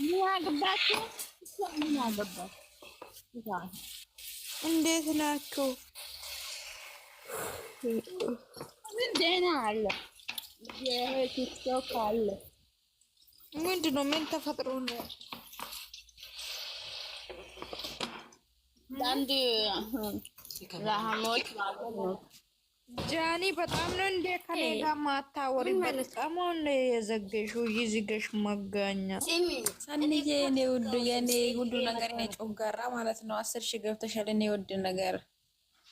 ምን አገባችሁ? ምን አገባችሁ? እንዴት ናችሁ? ምን ደህና አለ። ቲክቶክ አለ። ምንድን ነው? ምን ተፈጥሮ ነው? አንድ ላሞች ማለት ነው ጃኒ በጣም ነው እንዴ ከኔ ጋር ማታወሪ? በጣም ነው የዘገሹ ይዝገሽ መጋኛ ሰንዬ፣ እኔ ውድ የኔ ሁሉ ነገር እኔ ጮጋራ ማለት ነው። አስር ሺህ ገብተሻል። እኔ ውድ ነገር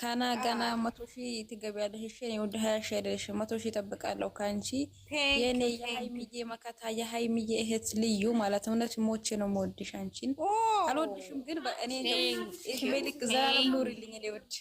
ከና ገና መቶ ሺህ ትገቢያለሽ። እሺ እኔ ውድ ሀያ ሺህ አይደለሽ መቶ ሺህ እጠብቃለሁ ከአንቺ የኔ የሀይሚዬ መከታ የሀይሚዬ እህት ልዩ ማለት እውነት ሞቼ ነው የምወድሽ። አንቺን አልወድሽም ግን በእኔ ልክ ዘላለም ኑሪልኝ። እኔ ውድ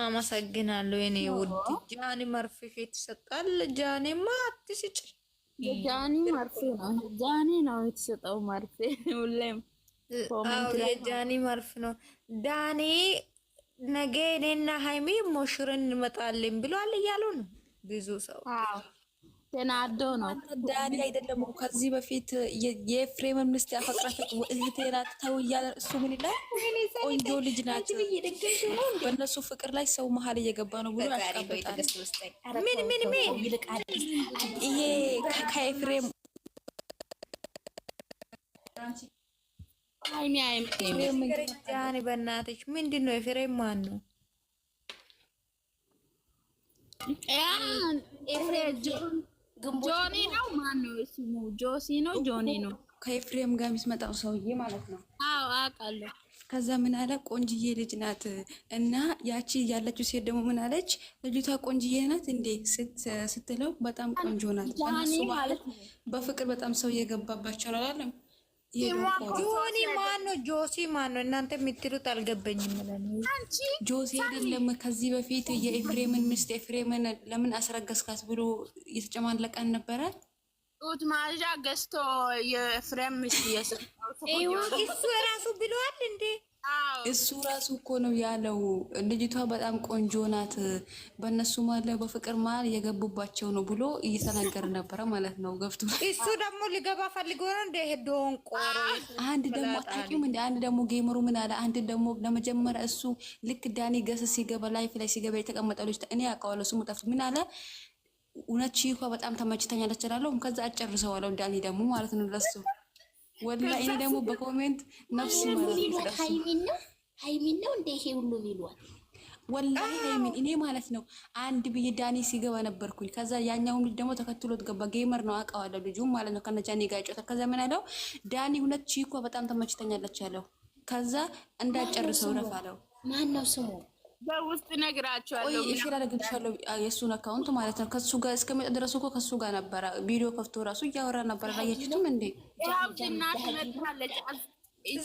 አመሰግናለሁ የኔ ውድ ጃኒ። መርፌ ይሰጣል። ጃኒማ አትስጭ። ጃኒ መርፌ ይሰጣል ማት ሲጭ ጃኒ መርፌ ነው ጃኒ ነው የተሰጠው መርፌ። ሁሌም የጃኒ መርፌ ነው። ዳኒ ነገ እኔና ሀይሚ ሞሽረን እንመጣለን ብሏል እያሉ ነው ብዙ ሰው ተናዶ ነው ዳኒ አይደለም። ከዚህ በፊት የኤፍሬም ሚስት ያፈቅራት እህቴ ናት ተው እያለ እሱ ምን ይላል? ቆንጆ ልጅ ናት። በእነሱ ፍቅር ላይ ሰው መሀል እየገባ ነው ብሎ ያስቀበጣል። ምን ምን ምን ይሄ ከኤፍሬም ዳኒ በእናትሽ ምንድን ነው? ኤፍሬም ማን ነው? ኤፍሬም ጆኒ ነው ማን ነው ስሙ? ጆሲ ነው ጆኒ ነው። ከኤፍሬም ጋር የሚስመጣው ሰውዬ ማለት ነው። አዎ አውቃለሁ። ከዛ ምን አለ ቆንጅዬ ልጅ ናት እና ያቺ ያለችው ሴት ደግሞ ምን አለች? ልጅቷ ቆንጅዬ ናት እንዴ ስትለው በጣም ቆንጆ ናት። በፍቅር በጣም ሰው እየገባባቸው አላለም ጆኒ ማን ነው? ጆሲ ማን ነው? እናንተ የምትሉት አልገባኝም። ጆሲ አይደለም። ከዚህ በፊት የኤፍሬምን ሚስት ኤፍሬምን ለምን አስረገዝካት ብሎ እየተጨማለቀን ነበረ። ጡት ማዣ ገዝቶ የኤፍሬም ሚስት እሱ የራሱ ብለዋል እንዴ? እሱ ራሱ እኮ ነው ያለው። ልጅቷ በጣም ቆንጆ ናት፣ በእነሱ ማለ በፍቅር መሀል የገቡባቸው ነው ብሎ እየተናገር ነበረ ማለት ነው። ገብቶ እሱ ደግሞ ሊገባ ፈልጎ ነው እንደ ሄዶን ቆሮ አንድ ደግሞ አታቂም እንደ አንድ ደግሞ ጌምሩ ምን አለ? አንድ ደግሞ ለመጀመሪያ እሱ ልክ ዳኒ ገስ ሲገባ ላይፍ ላይ ሲገባ የተቀመጠ ልጅ እኔ አውቀዋለሁ ስሙ ጠፍቶ ምን አለ እውነት ቺኳ በጣም ተመችተኛለች እላለሁ። ከዛ አጨርሰዋለሁ ዳኒ ደግሞ ማለት ነው ለሱ ወላሂ ደግሞ በኮሜንት ነፍስ ማለት ሀይሚን ነው ሀይሚን ነው እንደ ይሄ ሁሉ ሚሏል። ወላሂ ሀይሚን እኔ ማለት ነው አንድ ብዬ ዳኒ ሲገባ ነበርኩኝ። ከዛ ያኛውን ልጅ ደግሞ ተከትሎት ገባ። ጌመር ነው አውቀዋለሁ፣ ልጁም ማለት ነው ከነጃኔ ጋር ይጫወታል። ከዛ ምን አለው ዳኒ ሁለት ቺኮ በጣም ተመችተኛለች አለው። ከዛ እንዳጨርሰው ረፍ አለው። ማን ነው ስሙ? በውስጥ ነግራቸዋለሁ። እነግራቸዋለሁ። ሼር አደረግልሻለሁ የእሱን አካውንት ማለት ነው። ከሱ ጋር እስከሚመጣ ድረስ እኮ ከሱ ጋር ነበረ ቪዲዮ ከፍቶ ራሱ እያወራ ነበረ። አያችሁትም እንዴ?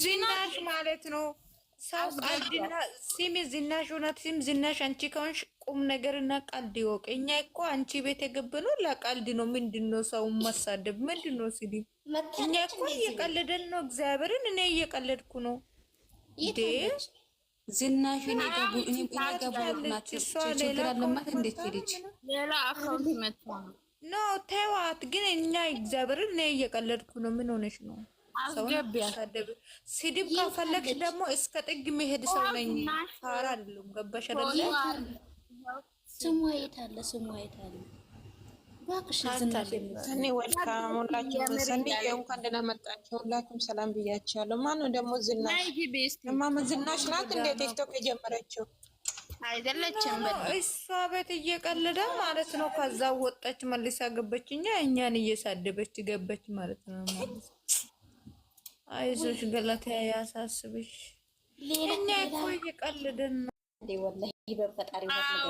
ዝናሽ ማለት ነው ሰው ሲሚ ዝናሽ እውነት ሲም ዝናሽ አንቺ ከሆንሽ ቁም ነገርና ቀልድ ይወቅ። እኛ እኮ አንቺ ቤት የገባነው ለቀልድ ነው። ምንድን ነው ሰው ማሳደብ? ምንድን ነው ስድብ? እኛ እኮ እየቀለደን ነው። እግዚአብሔርን እኔ እየቀለድኩ ነው። ዝናሽ እኔ ጋር እኔ ጋር ናቸው ችግር አለማት። እንዴት ሌላ አካውንት መጥቶ ነው ተዋት። ግን እኛ እግዚአብሔር እኔ እየቀለድኩ ነው። ምን ሆነሽ ነው? ስድብ ካፈለግሽ ደግሞ እስከ ጥግ መሄድ ሰው ነኝ። ፋራ አይደለም። ገባሽ አይደለ? ስሟ የት አለ? የት አለ? እኔ ወልካም ሁላችሁም ሰንዬ እንኳን ደህና መጣችሁ። ሁላችሁም ሰላም ብያችኋለሁ። ማነው ደግሞ ዝናሽ? እማማ ዝናሽ ናት እንደ ቲክቶክ የጀመረችው አይደለችም። እሷ ቤት እየቀለደ ማለት ነው። ከዛ ወጣች መልሳ ገበች፣ እኛ እኛን እየሳደበች ገበች ማለት ነው። አይዞሽ ገላታ ያሳስብሽ። እኛ እኮ እየቀለደን ነው። ወላሂ በፈጣሪ ነው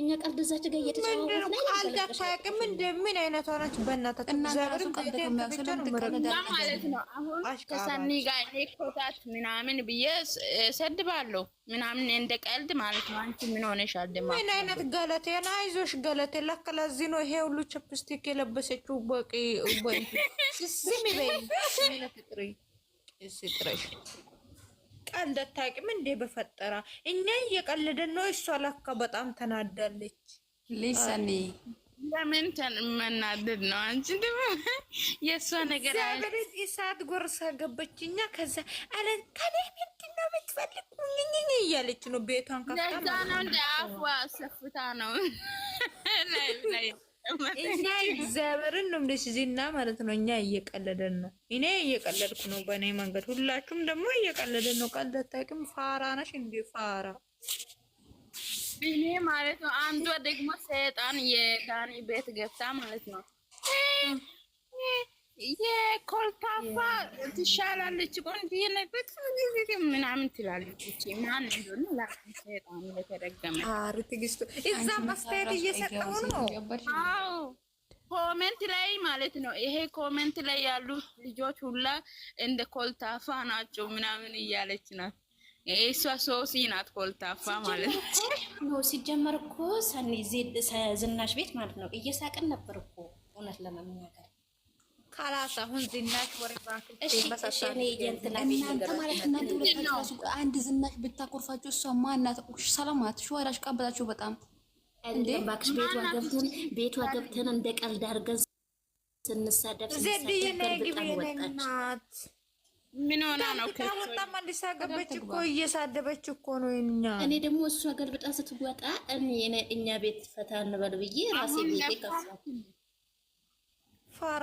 እኛ ቀልድ እዛች ጋር እየተጫወቁት ነው። አልዳታቅም እንደ ምን አይነት ሆነች? በእናታችን እግዚአብሔርን ማለት ነው። አሁን ከሰኒ ጋር እኔ ኮታት ምናምን ብዬ ሰድባለሁ ምናምን እንደ ቀልድ ማለት ነው። አንቺ ምን ሆነሻል? ደማ ምን አይነት ገለቴ ነው? አይዞሽ ገለቴ። ለካ ለዚህ ነው ይሄ ሁሉ ችፕስቲክ የለበሰችው። በቂ በቂ ስሚ በይ ስሚ ለፍጥሪ ስጥረሽ ቀልድ አታውቂም እንዴ? በፈጠራ እኛ እየቀለደን ነው። እሷ ላካ በጣም ተናዳለች። ሊሰኒ ለምን ተመናደድ ነው? አንቺ ደግሞ የእሷ ነገር በሬት እሳት ጎርሳ ገበች። እኛ ከዛ አለ ከኔ ምንድን ነው የምትፈልግ እያለች ነው ቤቷን ከፍታ ነው እንደ አፏ ሰፍታ ነው እኛ እግዚአብሔርን ነው ደስ ዜና ማለት ነው። እኛ እየቀለደን ነው። እኔ እየቀለድኩ ነው በእኔ መንገድ። ሁላችሁም ደግሞ እየቀለደን ነው። ቀልድ አታውቂም። ፋራ ነሽ እንዴ? ፋራ እኔ ማለት ነው። አንዷ ደግሞ ሰይጣን የዳኒ ቤት ገብታ ማለት ነው የኮልታፋ ትሻላለች ቆንጆዬ ነበር ምናምን ትላለች። ማን እንደሆነ ላጣም ለተደገመ ትግስቱ እዛ አስተያየት እየሰጠው ነው። አዎ ኮሜንት ላይ ማለት ነው። ይሄ ኮሜንት ላይ ያሉ ልጆች ሁላ እንደ ኮልታፋ ናቸው ምናምን እያለች ናት። እሷ ሶሲ ናት ኮልታፋ ማለት ነው። ሲጀመር እኮ ዝናሽ ቤት ማለት ነው እየሳቅን ነበር እኮ እውነት ለመናገር ካላስ አሁን ዝናሽ ወሬ አንድ ዝናሽ ብታኮርፋችሁ እሷ ማናት? ሰላማት ሸዋዳሽ ቀበጣችሁ። በጣም እባክሽ፣ ቤቷ ገብተን ቤቷ ገብተን እንደ ቀልድ አድርገን ስንሳደብ ምን ሆና ነው? ከወጣ ማልሳ ገበች እኮ እየሳደበች እኮ ነው። እኛ እኔ ደግሞ እሷ ገልብጣ ስትወጣ እኛ ቤት ፈታ እንበል ብዬ ራሴ ቤቴ ከፋ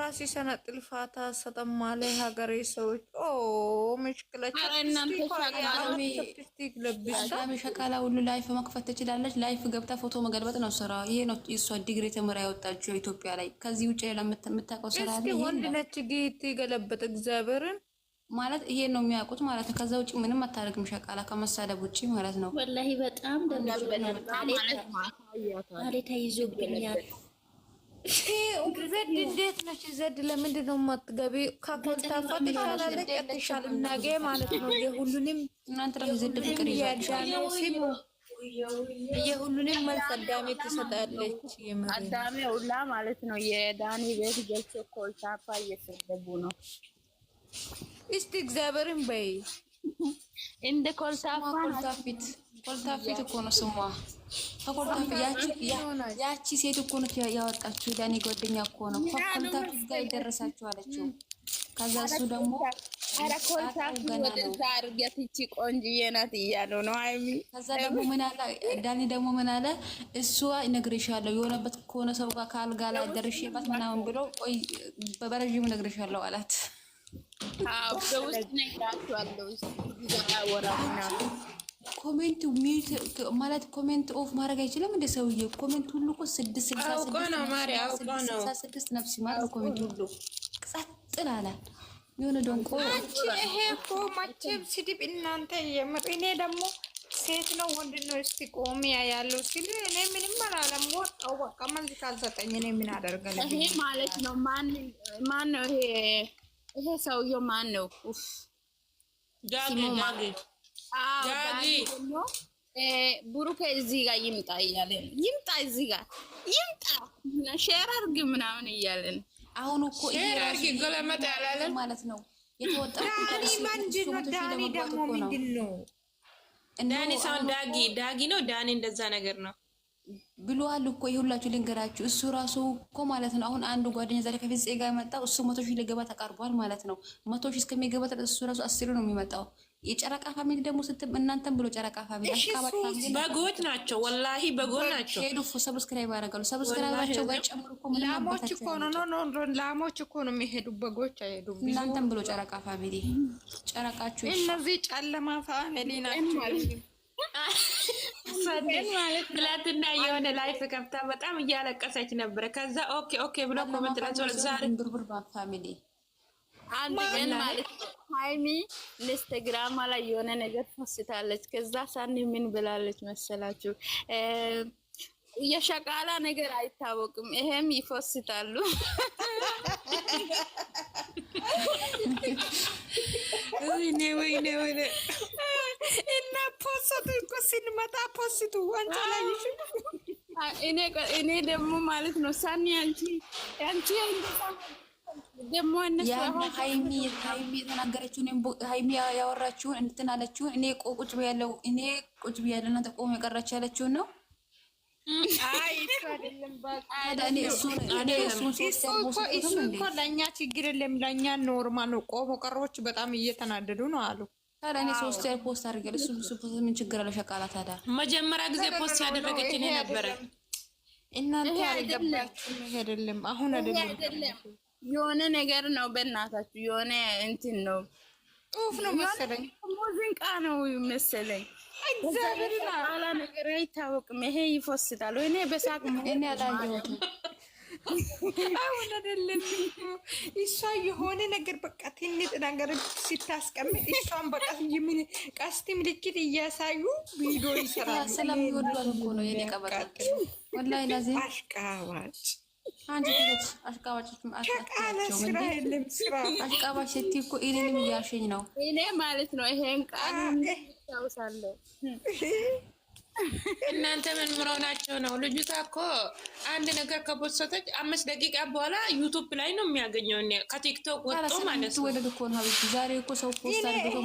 ራሴ ሰነጥል ፋታ ሰጠማለ ሀገሬ ሰዎች ኦ ምሽክለችሚ ሸቃላ ሁሉ ላይፍ መክፈት ትችላለች። ላይፍ ገብታ ፎቶ መገልበጥ ነው ስራ። ይሄ ነው እሷ ዲግሪ ተምራ ያወጣችው ኢትዮጵያ ላይ። ከዚህ ውጭ ሌላ የምታውቀው ስራ ወንድ ነች ጌት ገለበጥ እግዚአብሔርን ማለት ይሄን ነው የሚያውቁት ማለት ነው። ከዛ ውጭ ምንም አታደርግም ሸቃላ ከመሳደብ ውጭ ማለት ነው። ወላሂ በጣም ደሞ ማለት ነው። ተይዞብኛል ዘድ እንዴት ነች? ዘድ ለምንድን ነው የማትገቢ? ከኮልታፋት ይሻላለች አትሻልም። ነገ ማለት ነው የሁሉንም የሁሉንም መልስ አዳሜ ትሰጣለች። አዳሜ ሁላ ማለት ነው የዳኒ ቤት ገብቶ ኮልታፋ እየሰደቡ ነው። እስቲ እግዚአብሔርን በይ እንደ ኮልታፋ ኮልታፊት ኮልታፊት እኮ ነው ስሟ ያቺ ሴት እኮ ነች ያወጣችሁ። ለእኔ ጓደኛ እኮ ነው ኮንታክት ጋር ይደረሳችሁ አለችው። ከዛ እሱ ደግሞ አርገትቺ ቆንጅዬ ናት እያለው ነው ሀይሚ። ከዛ ደግሞ ምን አለ ዳኒ ደግሞ ምን አለ እሷ እነግርሻለሁ የሆነበት ከሆነ ሰው ጋር ከአልጋ ላይ ደርሼበት ምናምን ብሎ ቆይ በረዥሙ እነግርሻለሁ አላት። ኮሜንት ማለት ኮሜንት ኦፍ ማድረግ አይችልም። እንደ ሰውዬ ኮሜንት ሁሉ እኮ ስድስት ስልሳ ስድስት ነፍስ ይማር ኮሜንት ሁሉ ቅጻጥል አላል የሆነ ደንቆ ይሄ እኮ መቼም ስድብ እናንተ የምር እኔ ደግሞ ሴት ነው ወንድ ነው እስቲ ቆሚያ ያለው ሲል እኔ ምንም አላለም። ወጣው በቃ መልስ ካልሰጠኝ እኔ ምን አደርጋለሁ? ይሄ ማለት ነው ማን ማን ነው ይሄ ይሄ ሰውዬው ማን ነው? ኡፍ ዳግ ዳግ ደግሞ ብሩኬ እዚህ ጋር ይምጣ እያለ ይምጣ እዚህ ጋር ይምጣ ሼር አድርግ ምናምን አሁን እኮ ያላለን ማለት ነው። ዳኒ ምንድን ነው? ዳኒ ደግሞ ምንድን ነው? ዳኒ ሳይሆን ዳጊ ዳጊ ነው። ዳኒ እንደዛ ነገር ነው። ብሏል እኮ የሁላችሁ ልንገራችሁ። እሱ ራሱ እኮ ማለት ነው አሁን አንዱ ጓደኛ ዛሬ ከፊት ጋር የመጣው እሱ መቶ ሺህ ሊገባ ተቃርቧል ማለት ነው። መቶ ሺህ እስከሚገባ እሱ ራሱ አስሩ ነው የሚመጣው። የጨረቃ ፋሚሊ ደግሞ ስትም እናንተም ብሎ ጨረቃ ፋሚሊ በጎች ናቸው፣ ወላሂ በጎች ናቸው። ሄዱ ሰብስክራይብ ያደርጋሉ። ሰብስክራይባቸው ጋር ጨምሩ እኮ ላሞች እኮ ነው ላሞች እኮ ነው የሚሄዱ በጎች አይሄዱም። እናንተም ብሎ ጨረቃ ፋሚሊ ጨረቃችሁ እነዚህ ጨለማ ፋሚሊ ናቸው። ትላንትና የሆነ ላይፍ ከፍታ በጣም እያለቀሰች ነበረ። ከዛ ኦኬ ኦኬ ብሎ ኮመንት ፋሚሊ አንድ ቀን ማለት ሃይሚ ኢንስታግራም ላይ የሆነ ነገር ፖስታለች። ከዛ ሳኒ ምን ብላለች መሰላችሁ? የሸቃላ ነገር አይታወቅም፣ ይሄም ይፎስታሉ። ወይኔ ወይኔ ወይኔ እና ፖስቱ እኮ ስንመጣ ፖስቱ አንቺ ላይ እኔ ደግሞ ማለት ነው ሳኒ አንቺ አንቺ ደግሞ ሀይሚ የተናገረችውን ሀይሚ እንትን አለችሁን። እኔ ቁጭ ብያለሁ እኔ ቁጭ ብያለሁ እናንተ ቆም የቀራች ያለችውን ነው እሱ እኮ ለእኛ ችግር የለም ለእኛ ነው። ቆሞ ቀሮች በጣም እየተናደዱ ነው አሉ። ታዲያ እኔ ሶስት ያህል ፖስት እሱ ምን ችግር ሸቃላ ታዲያ መጀመሪያ ጊዜ ፖስት ያደረገች እኔ ነበረ። እናንተ አይደለም አይደለም፣ አሁን አይደለም የሆነ ነገር ነው። በእናታችሁ የሆነ እንትን ነው፣ ጽሁፍ ነው መሰለኝ፣ ሙዚቃ ነው መሰለኝ ነገር አይታወቅም። ይሄ ይፎስታል። እኔ በሳቅ እኔ አላየሁትም። አሁን አይደለም እሷ የሆነ ነገር በቃ ትንጥ ነገር ስታስቀምጥ እሷን በቃ የምን ቀስት ምልክት እያሳዩ ቪዲዮ ይሰራል። ስለሚወዷት እኮ ነው የኔ ቀበጣ ወላሂ ለዚህ አሽቃባጭ አሽቃባጭ ስራ የለም ስራ አሽቃባጭ ስትይ እኮ እኔንም እያልሽኝ ነው እኔ ማለት ነው ይሄን ቃል አስታውሳለሁ። እናንተ ምን ምሮናቸው ነው? ልጅቷ እኮ አንድ ነገር ከቦሰተች አምስት ደቂቃ በኋላ ዩቱብ ላይ ነው የሚያገኘው ከቲክቶክ ወጥቶ ማለት ነው። ዛሬ እኮ ሰው ፖስት አድርጎ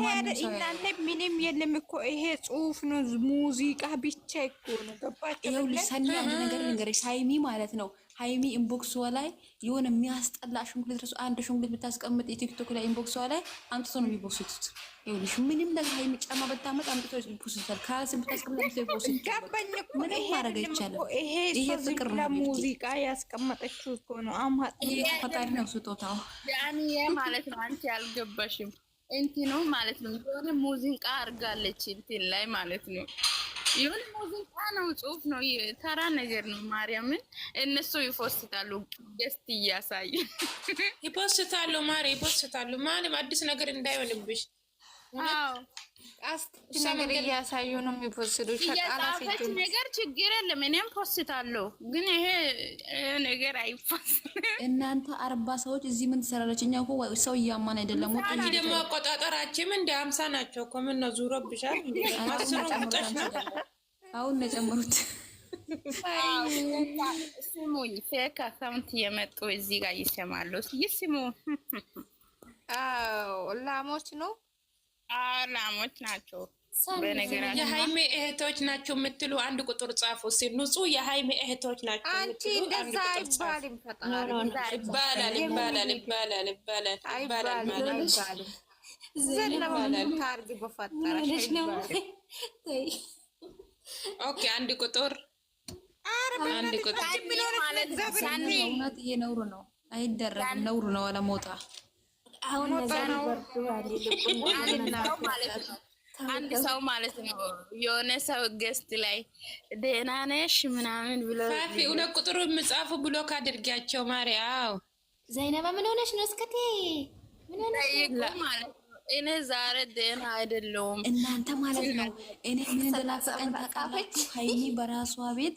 ምንም የለም እኮ ይሄ ጽሁፍ ነው፣ ሙዚቃ ብቻ እኮ ነው። ገባቸው ሰኒ አንድ ነገር ልንገርሽ፣ ሳይሚ ማለት ነው ሀይሚ ኢንቦክስ ላይ የሆነ የሚያስጠላ ሽንኩሌት ረሱ አንድ ሽንኩሌት ብታስቀምጥ የቲክቶክ ላይ ኢንቦክስ ላይ አምጥቶ ነው የሚቦስቱት። ይኸውልሽ ምንም ነገር ሀይሚ ጫማ ብታመጥ አምጥቶ ይቦስቱታል። ካልስ ብታስቀምጥ ምንም ማድረግ አይቻልም። ይሄ ፍቅር ነው። ሙዚቃ ያስቀመጠችው እኮ ነው። አማጥ ፈጣሪ ነው ስጦታው ማለት ነው። አንቺ አልገባሽም። እንትኑ ማለት ነው የሆነ ሙዚቃ አርጋለች እንትን ላይ ማለት ነው ይሁን ሙዚቃ ነው፣ ጽሁፍ ነው፣ ተራ ነገር ነው። ማርያምን እነሱ ይፎስታሉ፣ ደስት እያሳይ ይፖስታሉ፣ ማሪ ይፖስታሉ። ማንም አዲስ ነገር እንዳይሆንብሽ ነገር እያሳዩ ነው የሚፖስዱት። የጻፈች ነገር ችግር የለም እኔም ፖስታለሁ፣ ግን ይሄ ነገር አይፋስ። እናንተ አርባ ሰዎች እዚህ ምን ትሰራለች? እኛ እኮ ሰው እያማን አይደለም። ወጣኝ ደግሞ አቆጣጠራችም እንደ ሀምሳ ናቸው እኮ ምን ነው ዙሮብሻል። አስሩ አሁን ነው ስሙኝ፣ ፌክ አካውንት የመጡ እዚህ ጋር ይሰማሉ። ይስሙ። ላሞች ነው ላሞች ናቸው። በነገራችን የሀይሜ እህቶች ናቸው የምትሉ አንድ ቁጥር ጻፉ። ንጹህ የሀይሜ እህቶች ናቸው ይባላል አንድ ቁጥር አንድ ነው፣ አይደረግም። ነውር ነው አለመውጣ አሁን አንድ ሰው ማለት ነው የሆነ ሰው ገስት ላይ ደህና ነሽ ምናምን ብሎ ሁለት ቁጥሩ የምጻፉ ብሎ ካድርጊያቸው ማርያው ዘይነባ ምን ሆነሽ ነው? እስከቴ ምን ሆነሽ ነው ማለት እኔ ዛሬ ደህና አይደለሁም እናንተ ማለት ነው። እኔ ምን እንደላፈቀኝ ታውቃላችሁ? ሀይሚ በራሷ ቤት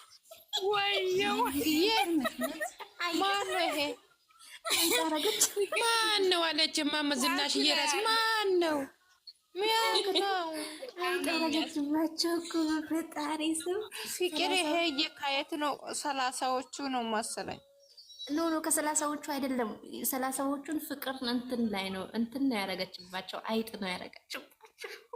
ማን ነው አለች እማማ ዝናሽ እየራስ ማን ነው ፍቅር ይሄ የካየት ነው ሰላሳዎቹ ነው መሰለኝ ኖ ኖ ከሰላሳዎቹ አይደለም ሰላሳዎቹን ፍቅር እንትን ላይ ነው እንትን ነው ያደረገችባቸው አይጥ ነው ያረገችባቸው